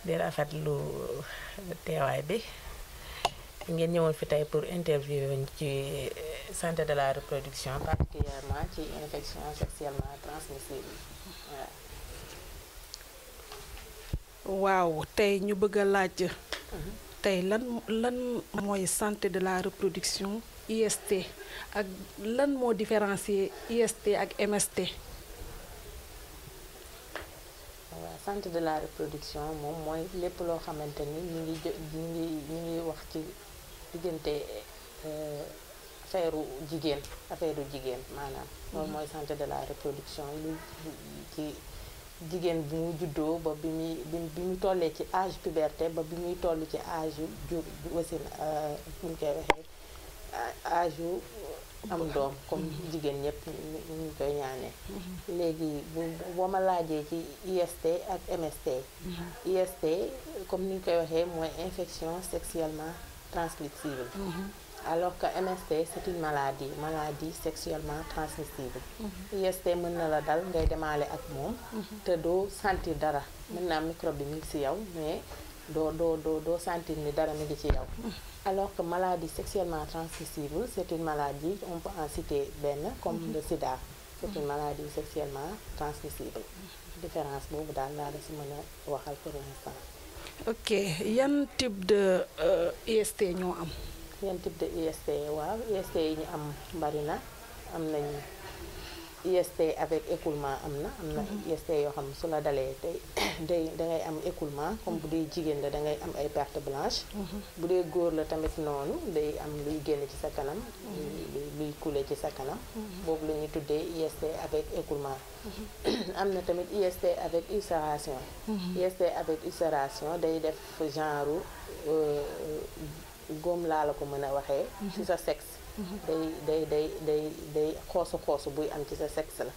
di rafetlu teewaay bi ngeen ñëwoon fi tey pour interview ci euh, santé de la reproduction particulièrement ci infection sexuellement transmissible waaw tey ñu bëgg a laaj mhm. tey lan lan mooy santé de la reproduction IST ak lan moo différencier IST ak MST santé de la reproduction moom mooy lépp loo xamante ni ñu ngi ñu ngi ñu ngi wax ci diggante euh, affaireu jigéen affaireu jigéen maanaam moom mm-hmm. mooy santé de la reproduction lu ci jigéen bi mu juddoo ba bi muy bi mu tollee ci âge puberté ba bi muy toll ci âge yu jur wasin buñ euh, koy waxee âge am doom comme jigéen ñëpp ñu koy ñaanee mhm. léegi bu boo ma ci IST ak MST mhm. IST comme ni ñu koy waxee mooy infection sexuellement transmissible mhm. alors que MST c'est une maladie maladie sexuellement transmissible IST mën na la dal ngay demaale ak moom te doo sentir dara mën naa microbe bi mi si yow mais doo doo doo doo sentir ni dara mi ngi ci yow alors que maladie sexuellement transmissible c'est une maladie on peut en citer benn comme mm-hmm. le sida c'est une maladie sexuellement transmissible différence boobu daal laa la si mën a waxal pour l'instant ok yan type de euh, IST ñoo am yan type de IST waaw IST yi ñu am mbari na am nañu IST avec écoulement amna amna IST am écoulement comme am ay blanche mhm. la tamit day am luy ci sa kanam mhm. luy ci sa mhm. avec écoulement amna tamit IST avec ulcération IST avec day def genre euh, euh gomme la ko waxé ci sexe day day day day day xoosu xoosu buy am ci sa sexe la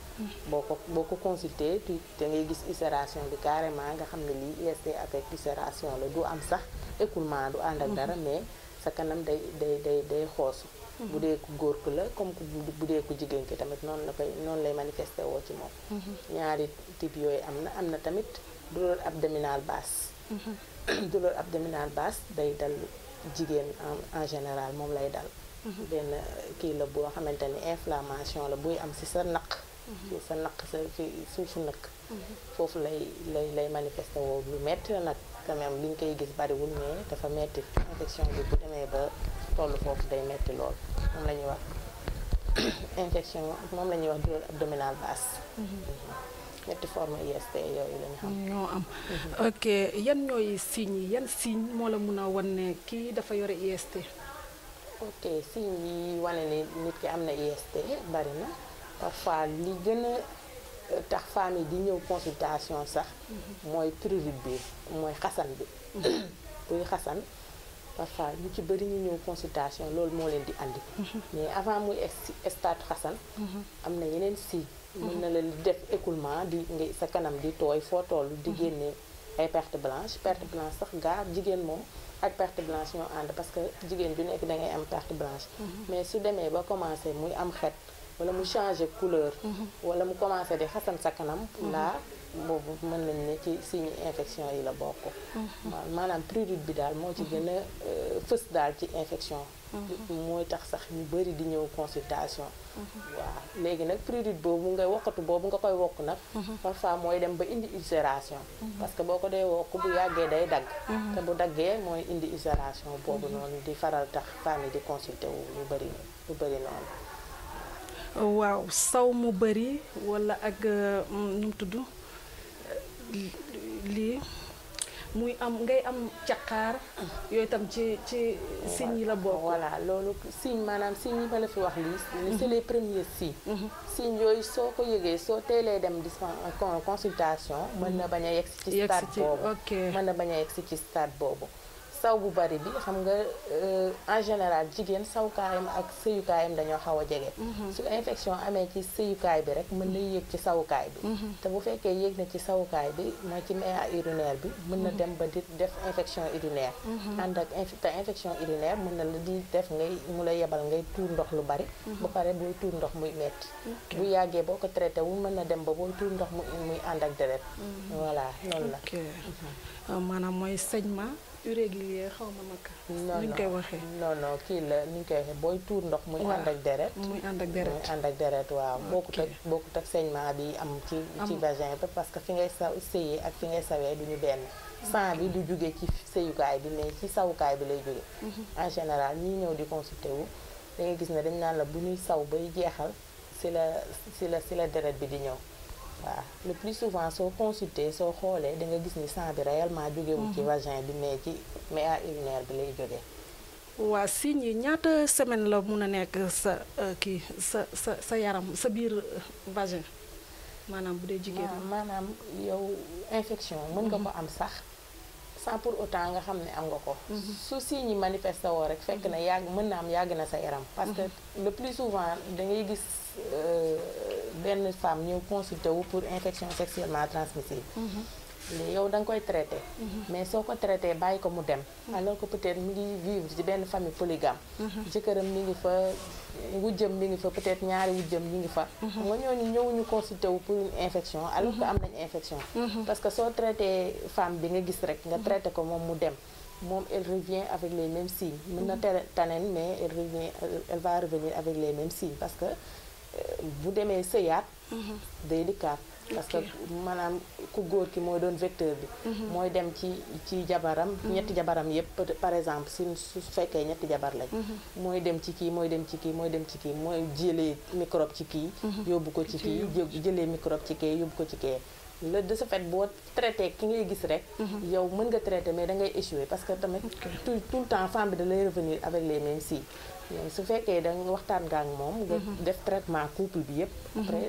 boo ko boo ko consulter tu da ngay gis usération bi carrément nga xam ne lii IST e avec ulcération la du am sax écoulement du ànd ak mhm. dara mais sa kanam day day day day xoosu mhm. bu dee ku góor ki la comme bu dee ku jigéen ki tamit noonu la koy noonu lay manifester woo ci moom mhm. ñaari type yooyu am na am na tamit douleur abdominale basse ab deminal basse day dal jigéen en général moom lay dal benn kii la boo xamante ni inflammation la buy am ci sa naq mhm. ci sa naq sa suufu nag mhm. foofu lay lay lay manifesté lu metti la nag quand même koy gis bariwul mais dafa metti infection bi bu demee ba tollu foofu day metti lool moom la ñuy wax infection moom la ñuy wax douleur abdominale basse mhm. ñetti forme IST yooyu la ñu xam. ñoo am ok yan ñooy signes yi yan signe moo la mun a wan ne kii dafa yore IST. ok signe yi wane ne nit ki am na IST bari na parfois li gën a euh, tax famille di ñëw consultation sax mhm. mooy prurit bi mooy xasan bi buy mhm. xasan parfois ñu ci bëri ñu ñëw consultation loolu moo leen di andi mhm. mais avant muy stade xasan am na yeneen signe mën na la def écoulement di nga sa kanam di tooy foo toll di génne ay perte blanche perte blanche sax gaar jigéen moom ak carte blanche ñoo ànd parce que jigéen ju nekk da ngay am carte blanche mhm. mais su demee ba commencé muy am xet wala mu changer couleur. Mm-hmm. wala mu commencer di xasan sa kanam. la bobu mën nañ ne ci signe infection yi la bokk. Mm-hmm. manam prurite bi dal mo ci gëna feus mm-hmm. dal ci infection. moy tax sax ñu bari di ñëw consultation. wa légui nak prurite bobu nga waxatu bobu nga koy wokk nag. parfois moy dem ba indi ulcération. parce que boko day dee wokk bu yàggee day dagg. te bu daggee moy indi ulcération bobu non di faral tax femme yi di consulter wu bari lu bari non waaw saw mu bari walla ak euh, mm, nu tudd euh, lii muy am ngay am caqar yooyu tam ci ci signes yi la bokk. voilà loolu signe maanaam signes yi ma la fi wax lii. c'est les mhm. premiers signes. Mhm. signes yooyu soo ko yëgee soo teelee dem dispen consultation. mën na bañ a yegg ci stade boobu mën na bañ a yegg si ci stade boobu. saw bu bari bi xam nga euh, en général jigéen sawukaayam ak sëyukaayam dañoo xaw a jege. Mm-hmm. su infection amee ci sëyukaay bi rek mën na mm-hmm. yéeg ci sawukaay bi. Mm-hmm. te bu fekkee yéeg na ci sawukaay bi mooy ci méa urinaire bi. mën na dem ba di def infection urinaire. ànd ak te infection urinaire mën na la di def ngay mu la yebal ngay tuur ndox lu bari. bu pare booy tuur ndox muy metti bu yàggee boo ko traité wu mën na dem ba booy tuur ndox muy ànd ak deret. voilà loolu la. Euh, maanaam mooy saignement irrégulier xaw ma naka. ni ñu koy waxee non non kii la ni ñu koy waxee booy tuur ndox. muy ànd ak deret muy ànd ak deret muy ak deret waaw. bokkut ak bokkut ak saignement bi am. ci ci vagin parce que fi ngay sa sëyee ak fi ngay sawee du ñu benn. Mm-hmm. sang bi du jóge ci sëyukaay bi mais ci sawukaay bi lay jóge mm-hmm. en général ñi ñëw di consulter wu. da ngay gis ne dañ naan la bu ñuy saw bay jeexal si la si la si la deret bi di ñëw. le plus souvent sont consulter soo xoolee da nga gis ni sang bi réellement jógewu ci mhm. vagin bi mais qui mais à urinaire bi lay jógee waa signes yi semaine la mun a nekk sa euh, kii sa sa sa yaram sa bire euh, vagin maanaam bu dee jigéen maanaam yow infection mën nga ko mhm. am sax sans pour autant nga xam ne am nga ko mhm. su signe manifeste manifesté woo rek fekk na yag mën na am yàgg na sa yaram parce que le plus souvent dangay gis euh, benn femme nous consulte wu pour infection sexuellement transmissible mhm. les yow da nga koy traité mhm. mais soo ko traité ils ko mu dem mhm. alors que peut-être mi ngi vivre ci benn famille polygame jëkkëram mi ngi fa wujjëm mi fa peut-être ñaari wujjëm ñi ngi fa xam nga ñooñu ñëwuñu consulté wu pour une infection alors que am nañ infection parce que soo traité femme bi nga gis rek nga traité ko moom mu dem elle revient avec les mêmes signes mën na taneen mais elle revient elle va revenir avec les mêmes signes parce que bu demee sëyaat mhm. day dikkaat parce que maanaam ku góor ki mooy doon vecteur bi mhm. mooy dem ci ci jabaram mhm. ñetti jabaram yëpp par exemple si su fekkee ñetti jabar lañ mooy dem ci kii mooy dem ci kii mooy dem ci kii mooy jëlee microbe ci kii yóbbu ko ci kii jëlee microbe ci kii yóbbu ko ci kii le de ce boo traité ki ngay gis rek yow mën nga traité mais da ngay échouer tamit tout tout temps femme bi da lay revenir avec les mêmes si Euh, su fekkee da waxtaan nga ak moom nga mhm. def traitement couple bi yëpp mhm. après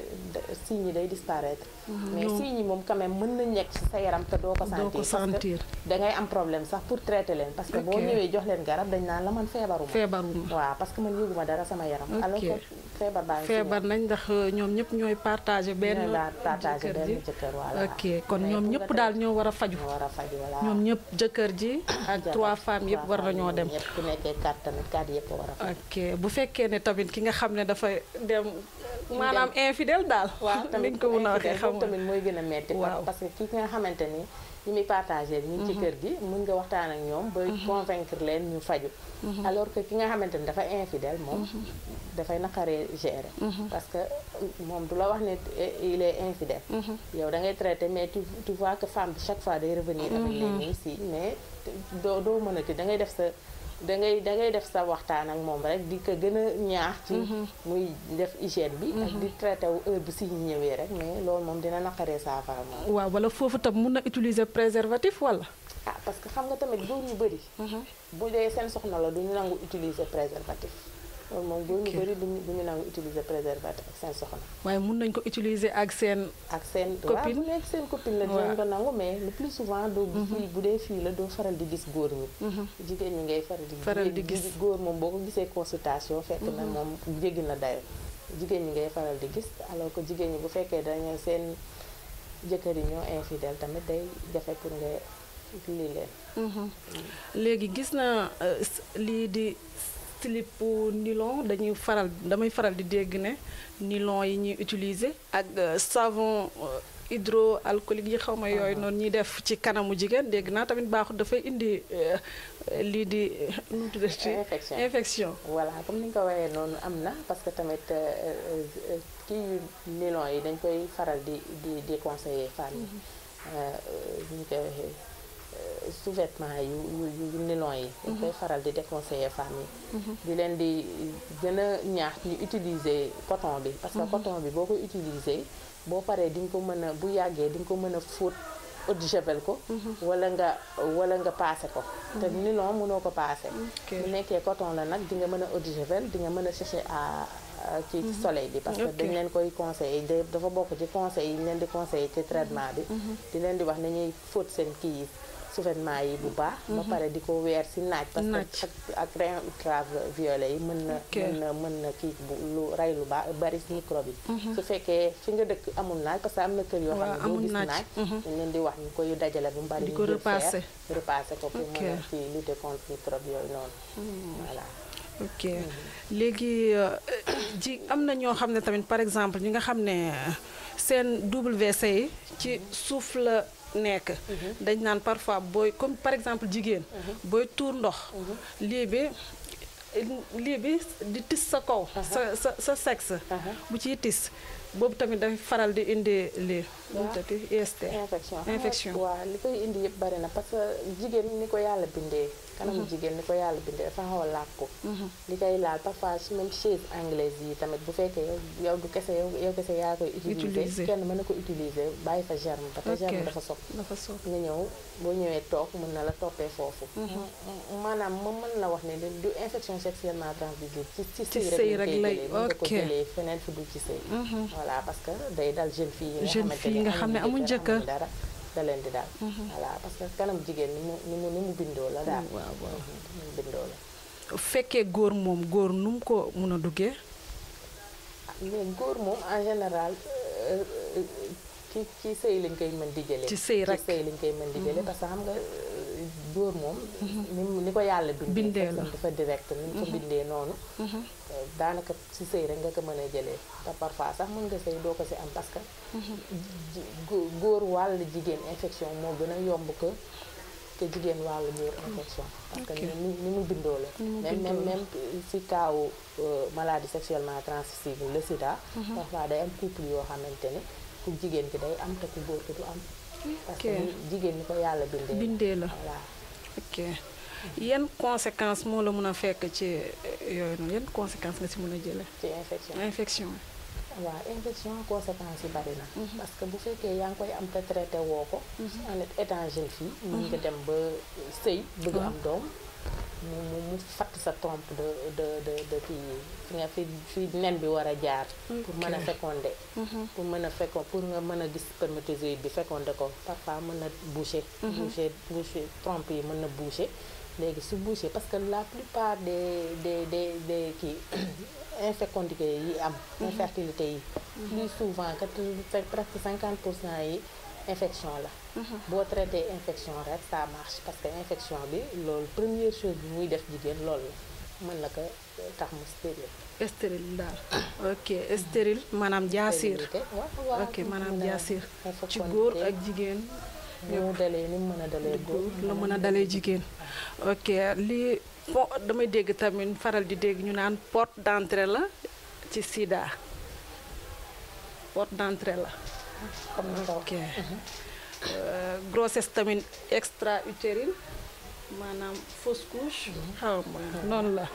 signe day disparaître mhm. mais signe moom quand même mën nañ nekk ci sa yaram te doo ko sentir da ngay am problème sax pour traiter leen parce que boo ñëwee jox leen garab dañ naan la man feebaruma feebaruma waaw parce que man yëguma dara sama yaram alors que feebar baa ngi feebar nañ ndax euh, ñoom ñëpp ñooy partagé benn jëkkër ji ok kon ñoom ñëpp daal ñoo war a faju ñoom ñëpp jëkkër ji ak trois femmes yëpp war nañoo dem ku nekkee quatre tamit quatre yëpp war ok bu fekkee ne tamit ki nga xam ne dafa dem maanaam infidèle daal. waaw tamit ko mun a waxee xam tamit mooy gën a metti. parce que ki nga xamante ni ñi muy partagé. ñi ci mhm. kër gi mën nga waxtaan ak ñoom. ba mhm. convaincre leen ñu faju mhm. alors que ki nga xamante ni dafa infidèle moom. dafay naqaree gérer. parce que euh, moom du la wax ne eh, il infidèle. yow da ngay mais tu tu vois que femme bi chaque fois day revenir. avec les mêmes signes mais doo doo mën a kii da def sa. da ngay da ngay def sa waxtaan ak moom rek di ko gën a ñaax ci mhm. muy def hygiène bi ak mhm. di traité wu heure bu si ñu ñëwee rek mais loolu moom dina naqaree saafara moom waaw wala foofu tam mun na utiliser préservatif wala ah parce que xam nga tamit góor ñu bëri mhm. bu dee seen soxna la duñu nangu utiliser préservatif loolu moom góor ñu bëri duñu duñu nangu utiliser préservatif ak seen soxna. waaye mun nañ ko utiliser ak seen. ak seen copine waaw bu nekk seen copine la. dinañ ko nangu mais le plus souvent doo. Mhm. fii bu dee fii la doo faral di gis góor ñi. Mhm. jigéen ñi ngay faral di. gis góor ko mhm. jigéen ñi bu fekkee dañoo seen jëkkër yi ñoo infidèle tamit day jafe pour nga lii leen. léegi gis na euh, lii di. slipu nylon dañuy faral damay faral di dégg ne nylon yi ñuy utiliser ak euh, savon euh, hydroalcoolique yi xawma ah, yoy ah. non ñi def ci kanamu jigen dégg na tamit baaxul dafay indi euh, li di nu mu infection voilà comme ni nga ko non amna parce que tamit ki nylon yi dañ koy faral di di di conseiller femmes yi mm-hmm. ñu koy waxee sous-vêtements eu yu yu nylon yi. dañ koy mhm. faral di família femmes yi. Mhm. di leen não gën a ñaax ñu porque coton bi. parce que mhm. coton bi boo ko utiliser boo paree di nga ko mën a bu yàggee di nga ko mën a fóot eau de javel me wala nga wala nga paase ko. te nylon mënoo ko paase. bu nekkee coton la nag di nga mën a eau de javel di nga mën a séché à. ci soleil bi parce que dañ leen koy conseillé dafa bokk ci conseil yi ñu leen di conseillé ci traitement bi mhm. Mhm. di leen di wax ne fóot seen kii yi souvenement yi bu baax ba mhm. pare di ko weer si naaj parce que ak rayon ultraviolet yi mën na mën na mën na lu rey lu baax bari si microbe yi su fekkee fi nga dëkk amul naaj parce que am na kër yoo xam ne doo gis naaj dañ leen di wax ñu koy dajale bu mu bari ñu repassé ko pour mën a ci lutter contre microbe yooyu noonu ok léegi euh, ji am na ñoo xam ne tamit par exemple ñi nga xam ne euh, seen double WC yi ci suuf la nekk. Mhm. dañ naan parfois booy comme par exemple jigéen. Mhm. booy tuur ndox. Mhm. lii bi lii bi di tis sa kaw. sa sa sa sexe. bu ciy tis boobu tamit dafay faral di indi lii. IST e infection waaw li koy indi yëpp bari na parce que jigéen ni ko yàlla bindee kanam mhm. jigéen ni ko yàlla bindee dafa xaw a làkku mhm. li koy laal parfois su même chaise anglaise yi tamit bu fekkee yow yow du kese yow yow kese yaa koy utiliser kenn mën na ko utiliser bàyyi fa germe parce que germe dafa sob dafa ñëw boo ñëwee toog mën na la toppee foofu mhm. maanaam ma mën la wax ne du infection sexuellement transmissible ci ci sëy rek lay ok ko jëlee feneen fu du ci sëy voilà parce day dal jeune yi nga xam ne amuñ jëkkër dara da leen di daal mhm. voilà parce que kanam jigéen ni mu ni mu ni mu bindoo la daal waaw waaw mhm, ni mu bindoo fekkee góor moom góor nu mu ko mun a duggee ah, mais góor moom en général euh, euh, ci ci sëy lañ koy mën di jëlee ci sëy rek ci lañ koy mën di jëlee mhm. nga euh, góor moom ni ko yàlla bindee dafa direct ni mu ko bindee noonu daanaka si sëy rek nga ko mën a jëlee te parfois sax mën nga sëy doo ko si am parce que mhm. góor wàll jigéen infection moo gën a yomb ko te jigéen wàllu góor infection parce ni mu bindoo la même même même si kaawu euh, maladie sexuellement transmissible le sida mhm. parfois day am couple yoo xamante ne ku jigéen ki day am te ku góor ki du am parce que jigéen ñi ko yàlla bindee bindee la voilà yan conséquence moo la mën a fekk ci euh, yooyu noonu yan conséquence nga si mën a jëlee. ci infection infection. waaw infection conséquence, yi bari mhm. parce que bu fekkee yaa ngi koy am te traité woo ko. Mhm. en étant jeune fille. mën mhm. nga dem ba sëy. bëgg am doom mu mu mu fatt sa trompe de de de de kii fi nga fi fi nen bi wara jaar. pour mëna fécondé pour mëna a pour nga mëna a gis spermatozoïde bi fécondé ko papa mëna boucher. boucher boucher trompe yi mën na boucher su parce que la plupart des des des des qui infécondité yi am. Mhm. infertilité yi. Mhm. plus souvent que presque 50% pour cent yi infection la. Mhm. bo traité infection rek ça marche parce que l'infection, bi la première chose bi muy def jigen loolu la mën la ko euh, tax mu stérile. stérile ok stérile manam jassir ok manam jassir ci góor ak jigen ni mu dalee mën a dalee góor la mën a dalee jigéen ok lii bon damay dégg tamit faral di dégg ñu naan porte d'entrée la ci sida porte d'entrée la ok euh, mhm. grossesse tamit extra utérine maanaam fausse couche mhm. noonu la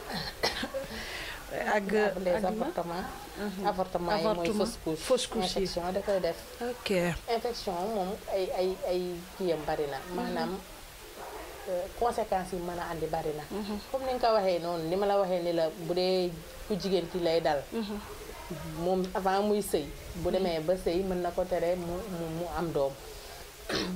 ak les avortements. Mhm. avortement yi mooy fausse couche infection da def. ok infection moom ay ay ay kiyam bari na mhm. maanaam. Euh, conséquence yi mën a àndi bari na mhm. comme ni nga ko waxee noonu ni ma la waxee ni la bu dee ku jigéen ki lay dal moom avant muy sëy bu demee ba sëy mën na ko tere mu mu am doom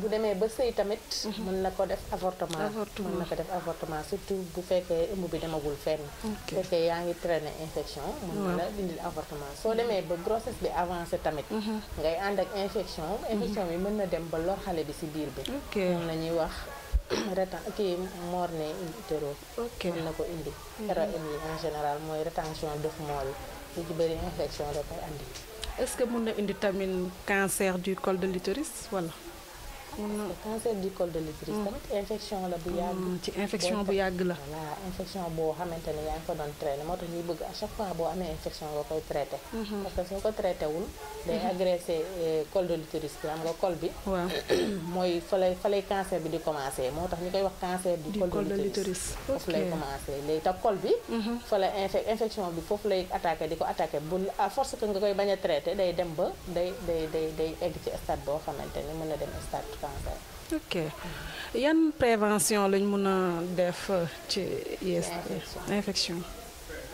bu demee ba sëy tamit mën na ko def avortement mën na ko def avortement surtout bu fekkee ëmb bi demagul fenn bu fekkee yaa ngi traîner infection mën na la dindil avortement soo demee ba grossesse bi avancé tamit mhm. ngay ànd ak infection infection bi mën na dem ba lor xale bi si biir bi moom la ñuy wax retan kii morne in utero mën na ko indi mhm. RAN yi en général mooy rétention d'œuf moelle yi lu ci bëri infection da koy andi est-ce que mën na indi tamit cancer du col de l'utérus wala cancer du col de l'utérus mm. infection la mm, bu yàgg. la. voilà infection boo xamante ne yaa ngi ko doon traité moo tax ñuy bëgg à chaque fois boo amee infection nga koy traité. Mm-hmm. parce mm-hmm. euh, bi am nga col bi. waaw lay fa lay cancer bi di commencé moo tax ñu koy wax cancer du col bi. Mm-hmm. fa la infection foofu lay attaqué di ko attaqué bu à force que nga koy bañ a traité day dem ba day day day egg ci stade boo xamante ni mën na dem stade. cancer. ok yan prévention lañ mun a def euh, ci yees. infection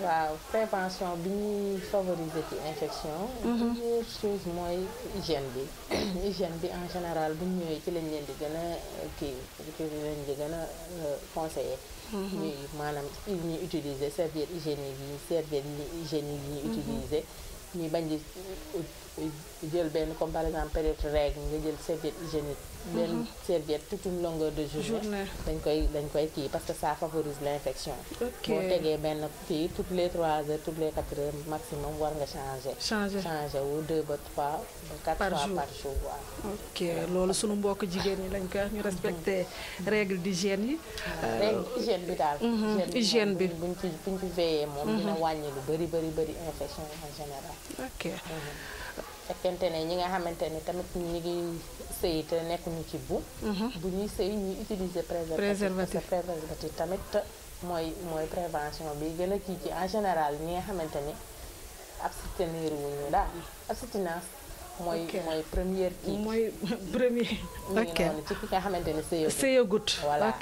waaw prévention bi ñuy favoriser ci infection. Mhm. première chose mooy hygiène bi hygiène bi en général bu ñu ñëwee ci lañ leen di gën a euh, ci lañ di gën a euh, conseiller. Mhm. ñuy maanaam ñuy utiliser serviette hygiénique yi serviette hygiénique yi ñuy mhm. utiliser. ñuy bañ di jël benn comme par exemple période règle nga jël serviette hygiénique mm serviette toute une longueur de journée, parce que ça favorise l'infection. Ok. Bon, toutes les 3 heures, toutes les 4 heures maximum, on va changer. Changer. ou 2 3 4 par fois jour. par jour. Ok. c'est nous sommes beaucoup de gens, nous respectons les règles d'hygiène. Mm-hmm. Euh, règles d'hygiène, bien sûr. Mm-hmm. Hygiène, bien sûr. Nous en général. Ok. Mm-hmm. fekkente ne ñi nga xamante ni tamit ñi ngi sëy te nekkuñu ci bu mhm. bu ñuy sëy ñuy utiliser préservatif préservatif tamit mooy mooy prévention bi gën a kii ci en général ñi nga xamante ni abstenir wuñu daal abstinence mooy mooy première kii mooy premier. ok ci ki nga xamante ne sëyagut sëyagut voilà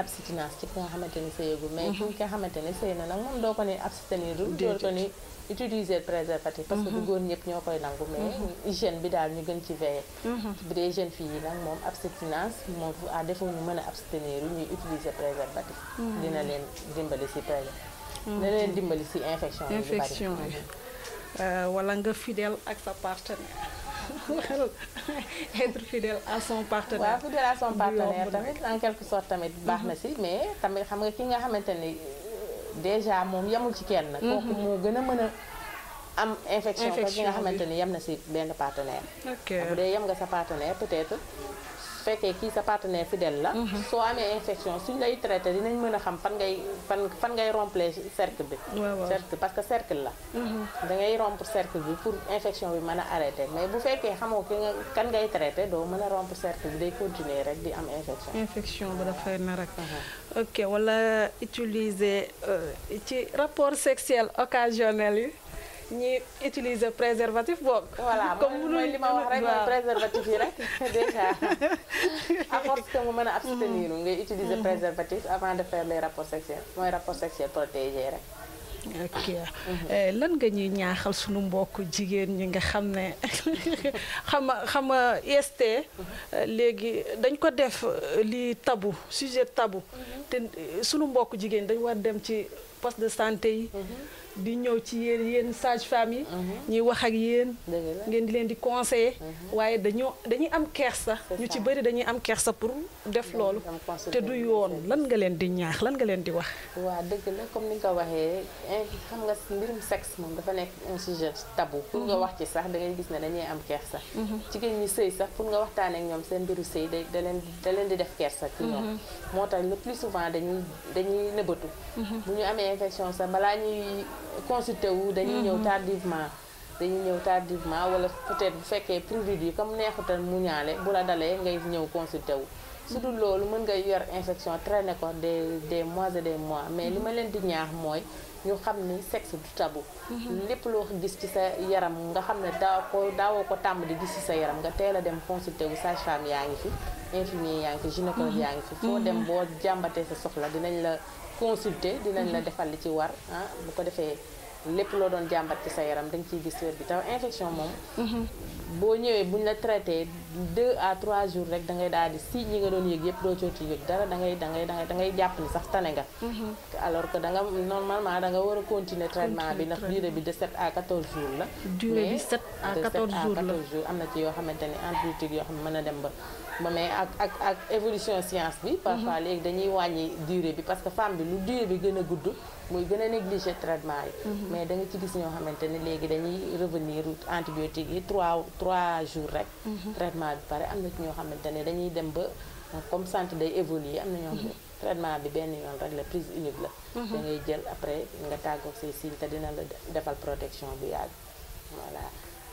abstinence ci ki nga xamante ne sëyagut mais mhm. ki nga xamante ne sëy na nag moom doo ko ni abstenir doo ko ni utiliser préservatif parce que du mhm. góor ñëpp ñoo koy nangu mais mhm. hygiène bi daal ñu gën ci veiller bu jeune fille yi nag moom abstinence moom à défaut ñu mën a abstenir ñuy utiliser préservatif dina leen dimbali si préservatif dina leen dimbali si infection yi infection yi Euh, wala nga fidèle ak sa partenaire. être fidèle à son partenaire. waaw fidèle à son partenaire tamit en quelque sorte tamit baax na si mais tamit xam nga ki nga xamante ni euh, déjà moom yemul ci kenn. Mm-hmm. kooku moo gën a mën a am infection. infection bi nga xamante ni yem na si benn partenaire. ok ah, dee yem nga sa partenaire peut fekkee ki sa partenaire fidèle la mhm. soo amee infection suñ lay traité dinañ mëna xam fan ngay fan fan ngay rompre cercle bi cercle parce que cercle la mhm. da ngay rompre cercle bi pour infection bi mëna arrêter mais bu fekkee xamoo ki nga kan ngay traité do mëna rompre cercle bi day continuer rek di am infection infection ba da fay na rek mhm. ok wala utiliser euh, ci rapport sexuel occasionnel ñi utiliser préservatif boobu. voilà mooy li ma wax rek mooy préservatif yi rek déjà à force a mm-hmm. mm-hmm. préservatif mooy rapport sexuel protégé rek. Mm-hmm. Eh, lan nga ñuy ñaaxal sunu mbokk jigéen ñi nga xam ne xama xama IST léegi dañ ko def eh, li tabu sujet tabu te eh, sunu mbokku jigéen dañ war dem ci poste de santé yi di ñëw ci yéen yéen sage-femme yi. Mhm. ñuy wax ak yéen. ngeen di leen di conseiller. Mhm. waaye dañoo dañuy am kersa. ñu ci bëri dañuy am kersa pour def loolu. te du yoon lan nga leen di ñaax lan nga leen di wax. waaw dëgg la comme ni nga ko waxee eh, xam nga mbirum sexe moom dafa nekk un sujet tabou. pour nga mhm. wax ci sax da ngay gis ne dañuy am kersa. jigéen ñi sëy sax pour nga waxtaan ak ñoom seen mbiru sëy da da leen da leen di def kersa ci ñoom. moo tax le plus souvent dañuy nëbbatu. bu ñu amee infection sax balaa ñuy. consulté wu dañuy mm-hmm. ñëw tardivement dañuy ñëw tardivement wala peut bu fekkee produit yi comme neexutal mu ñaale bu la dalee ngay ñëw consulté wu su dul mm-hmm. loolu mën nga yor infection traîner ko des des mois et des mois mais li ma mm-hmm. leen di ñaax mooy ñu xam ni sexe du tabu lépp loo gis ci sa yaram nga xam ne daaw ko daawoo ko tàmm di gis ci sa yaram nga teel a dem consulter wu sage yaa ngi fi infirmier yaa ngi fi gynécologue yaa ngi fi foo dem boo jàmbatee sa soxla dinañ la consulter dinañ la defal li ci war hein bu ko defee lépp lo doon jambat ci sa yaram dañ ciy gis wér bi taw infection moom mhm. bo ñëwee buñ la traité 2 à 3 jours rek da ngay daal di si ñi nga doon yëg yëpp doo ci yëg dara da ngay da ngay da ngay jàpp ni sax tane nga mhm. alors que da nga normalement da nga wara continuer traitement bi nak durée bi de 7 à 14 jours la durée bi 7 à 14 jours la am na ci yo xamanteni antibiotique yo xam ne dem ba mais ak ak ak évolution science bi parfois mhm. léegi dañuy wàññi durée bi parce que femme bi lu durée bi gën a gudd muy gën a négliger traitement yi mhm. mais da nga ci gis ñoo xamante ne léegi dañuy revenir antibiotiques yi trois trois jours rek mhm. traitement bi pare am na ci ñoo xamante ne dañuy dem ba comme sant day évoluer am na ñoo xam traitement bi benn yoon rek la prise unique la da ngay jël après nga tàggoog say signes te dina la defal protection bu yàgg voilà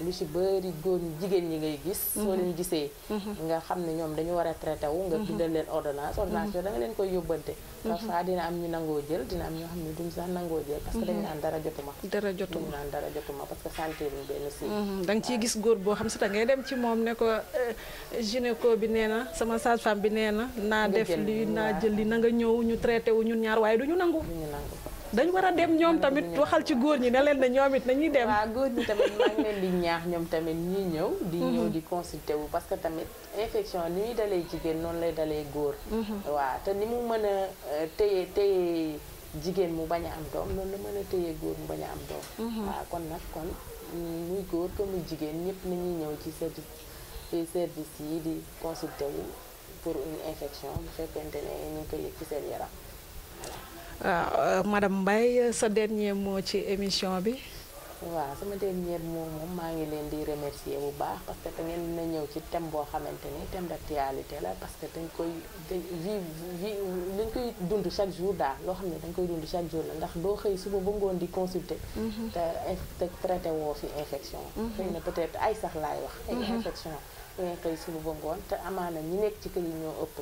lu si bëri góor ñi jigéen ñi ngay gis. Mhm. soo leen gisee. Mhm. nga xam ne ñoom dañu war a traité wu. nga mhm. bindal leen ordonnance ordonnance yooyu da leen koy yóbbante. parfois dina am ñu nangoo jël dina am ñoo xam ne duñ sax nangoo jël. parce que dañu naan dara jotuma. dara jotuma dañu naan parce que santé bi benn si. da nga gis góor boo xam si da ngay dem ci moom ne ko euh, gynéco bi nee na sama sage-femme bi nee na. naa def li naa jël li nanga ñëw ñu traité wu ñaar waaye du ñu nangu. du ñu nangu. dañ war a dem ñoom tamit waxal ci góor ñi ne leen na ñoom it nañuy dem. waaw góor ñi tamit maa ngi di ñaax ñoom tamit ñuy ñëw. di mhm. ñëw di consulter wu parce que tamit infection ni muy dalee jigéen noonu lay dalee góor. Mhm. waaw te ni mu mën a euh, téye téye jigéen mu bañ am doom noonu la mën a téye góor mu bañ am doom. Mhm. kon nag kon muy góor que muy jigéen ñëpp nañuy ñëw ci service service yi di consulter wu pour infection bu fekkente ne ñu ngi yëg ci seen yaram. waaw euh, madame Mbaye sa dernier moo ci émission bi. waaw sama dernier mot moom maa ngi leen di remercier bu baax parce que da ngeen na ñëw ci thème boo xamante ni thème d'actualité la parce que dañ koy dañ koy dund chaque jour daal loo xam ne dañ koy dund chaque jour la ndax doo xëy suba ba ngoon di consulter. Mm-hmm. te traité woo fi infection. Mm-hmm. xëy na peut ay sax laay wax. ay mm-hmm. infection da xëy suba ba ngoon te amaana ñi nekk ci kër yi ñoo ëpp.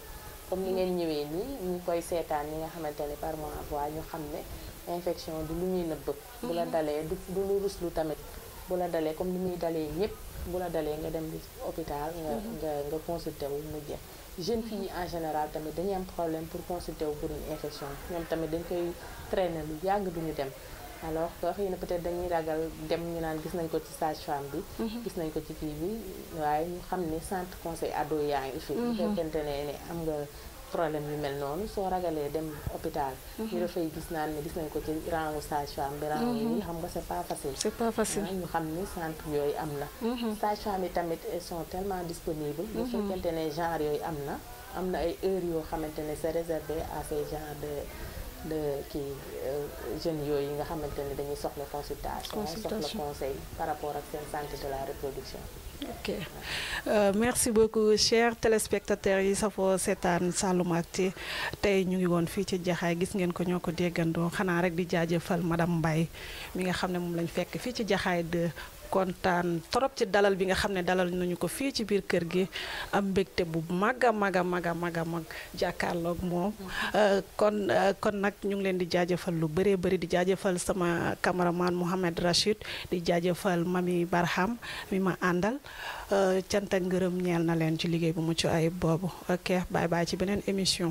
comme ni ngeen ñëwee nii ñu koy seetaan ñi nga xamante ne par mois voie ñu xam ne infection du lu ñuy nëbb bu la mhm. dalee du du lu ruslu tamit bu la dalee comme ni muy dalee ñëpp bu la dalee nga dem di hôpital nga mhm. nga nga consulté wu mu jeex jeune fi yi en général tamit dañuy am problème pour consulter wu pour une infection ñoom tamit dañ koy traîner lu yàgg duñu dem alors que xëy peut-être dañuy ragal dem ñu naan gis nañ ko ci sage-femme bi. Mhm. gis nañ ko ci kii bi waaye ñu xam ne centre conseil ado yaa ngi fi. Mhm. bu fekkente ne am nga problème yu mel noonu soo ragalee dem hôpital. Mhm. ñu dafay gis naan ne gis nañ ko ci rangu sage-femme bi. rangu yi xam nga c'est pas facile. c'est pas facile ah, ñu xam ni centre yooyu am na. sage-femme yi tamit sont tellement disponibles. bu fekkente ne genre yooyu am na am na ay heures yoo xamante ne c'est réservé à ces genres de de qui euh, jeunes yo yi nga xamante dañuy soxla consultation soxla conseil par rapport à seen santé de la reproduction ok euh, merci beaucoup chers téléspectateurs yi safoo seetaan Saloum Actu tey ñu ngi woon fii ci jaxaay gis ngeen ko ñoo ko déggandoo xanaa rek di jaajëfal madame Mbaye mi nga xam ne moom lañ fekk fii ci jaxaay de kontaan trop ci dalal bi nga xam ne dalal nañu ko fii ci biir kër gi am mbégte bu mag a mag a mag a mag a mag jàkkaarloog moom euh, kon euh, kon nag ñu ngi leen di jaajëfal lu bëree bëri di jaajëfal sama cameraman Mouhamed Rachid di jaajëfal mami Barham mi ma àndal euh, cant ak ngërëm ñeel na leen ci liggéey bu mucc ayib boobu ok bye bye ci beneen émission